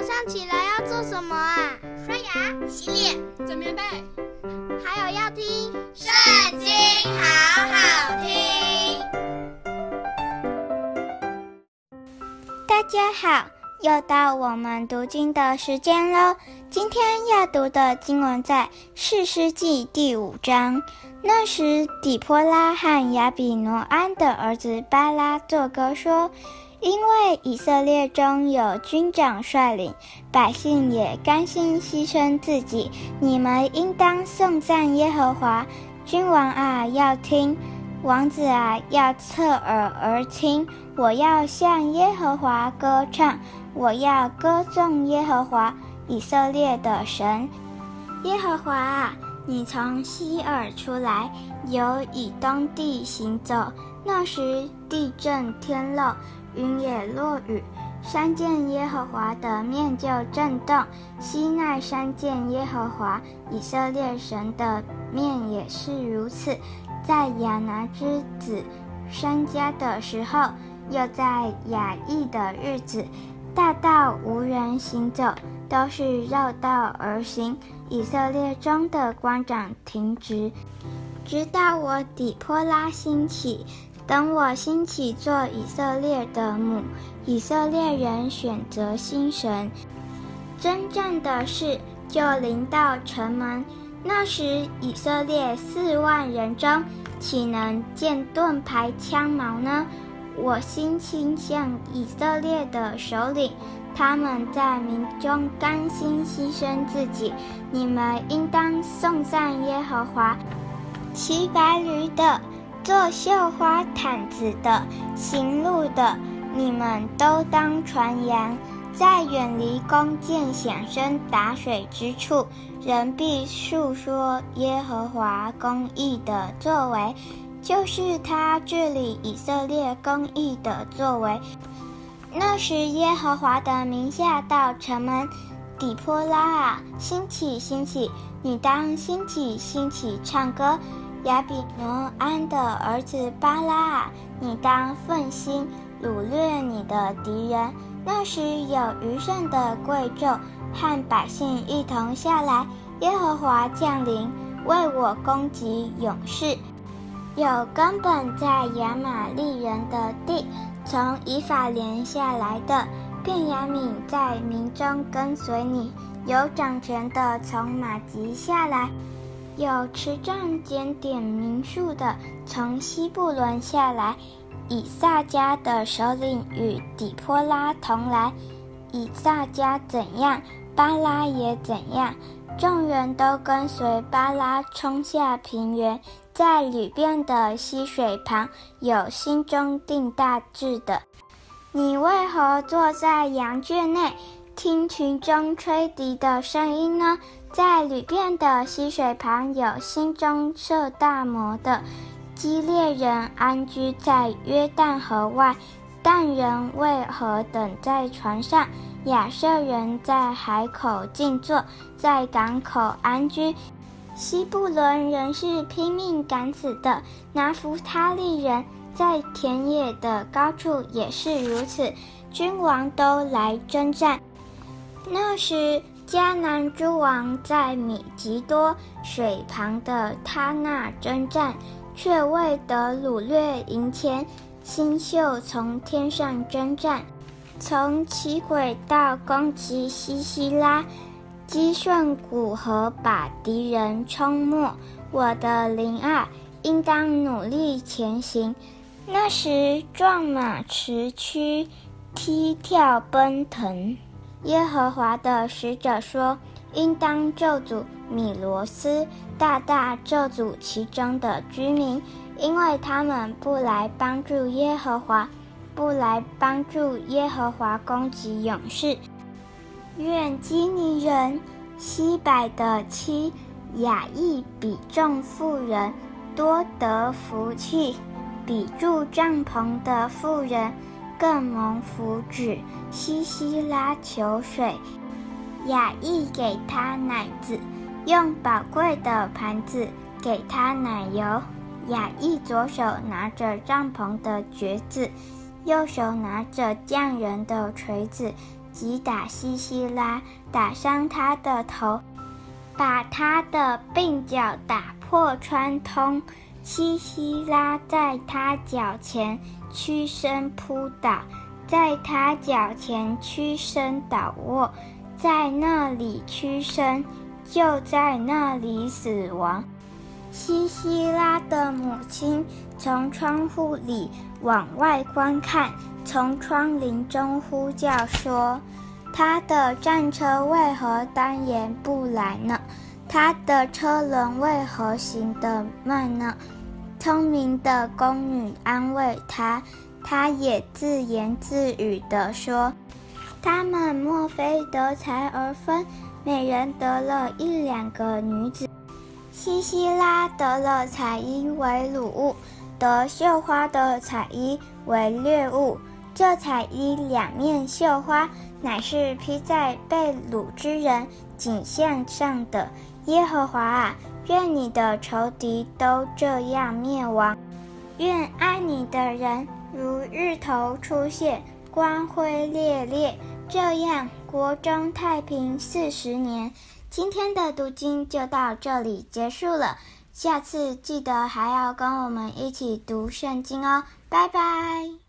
早上起來要做什麼啊？刷牙、洗臉、整棉被，還有要聽《聖經》，好好聽。大家好，又到我們讀經的時間了。今天要讀的經文在《士師記》第五章。那時，底波拉和亞比挪菴的兒子巴拉作歌說。因為以色列中有軍長率領，百姓也甘心犧牲自己。你們應當頌讚耶和華，君王啊，要聽，王子啊，要側耳而聽。我要向耶和華歌唱，我要歌頌耶和華以色列的神。耶和華啊，你從西珥出來，由以東地行走，那時地震天漏。雲也落雨，山見耶和華的面就震動；西奈山見耶和華以色列神的面也是如此。在亞拿之子珊迦的時候，又在雅億的日子，大道無人行走，都是繞道而行。以色列中的官長停職。直到我底波拉興起，等我興起作以色列的母。以色列人選擇新神，爭戰的事就臨到城門。那時以色列四萬人中，豈能見盾牌槍矛呢？我心傾向以色列的首領，他們在民中甘心犧牲自己。你們應當頌讚耶和華。騎白驢的，坐繡花毯子的，行路的，你們都當傳揚！在遠離弓箭響聲打水之處，人必述說耶和華公義的作為，就是他治理以色列公義的作為。那時耶和華的民下到城門。底波拉啊，興起興起，你當興起興起，唱歌。亞比挪菴的兒子巴拉爾啊，你當奮興擄掠你的敵人。那時有餘剩的貴冑和百姓一同下來，耶和華降臨，為我攻擊勇士。有根本在亞瑪力人的地，從以法蓮下來的，便雅憫在民中跟隨你；有掌權的從瑪吉下來。有持杖檢點民數的，從西布倫下來。以薩迦的首領與底波拉同來。以薩迦怎樣，巴拉也怎樣。眾人都跟隨巴拉衝下平原，在流便的溪水旁。有心中定大志的，你為何坐在羊圈內，聽群中吹笛的聲音呢？在流便的溪水旁，有心中設大謀的。基列人安居在約旦河外。但人為何等在船上？亞設人在海口靜坐，在港口安居。西布倫人是拚命敢死的，拿弗他利人在田野的高處也是如此。君王都來爭戰。那時，迦南諸王在米吉多水旁的他納征戰，卻未得擄掠銀錢。星宿從天上征戰，從其軌道攻擊西西拉，基順古河把敵人沖沒。我的靈啊，應當努力前行。那時，壯馬馳驅，踢跳奔騰。耶和華的使者說：“應當咒詛米羅斯，大大咒詛其中的居民，因為他們不來幫助耶和華，不來幫助耶和華攻擊勇士。願基尼人希百的妻雅億比眾婦人多得福氣，比住帳棚的婦人。”更蒙福祉。西西拉求水，雅億給他奶子，用寶貴的盤子給他奶油。雅億左手拿着帳棚的橛子，右手拿着匠人的錘子，擊打西西拉，打傷他的頭，把他的鬢角打破穿通。西西拉在她腳前曲身撲倒，在她腳前曲身倒臥，在那裡曲身，就在那裡死亡。西西拉的母親從窗戶裡往外觀看，從窗棂中呼叫說：“他的戰車為何耽延不來呢？”他的車輪為何行得慢呢？聰明的宮女安慰他，他也自言自語地說：“他們莫非得財而分，每人得了一兩個女子？西西拉得了彩衣為擄物，得繡花的彩衣為掠物。這彩衣兩面繡花，乃是披在被擄之人頸項上的。”耶和華啊，願你的仇敵都這樣滅亡，願愛你的人如日頭出現，光輝烈烈。這樣國中太平四十年。今天的讀經就到這裡結束了，下次記得還要跟我們一起讀聖經哦，拜拜。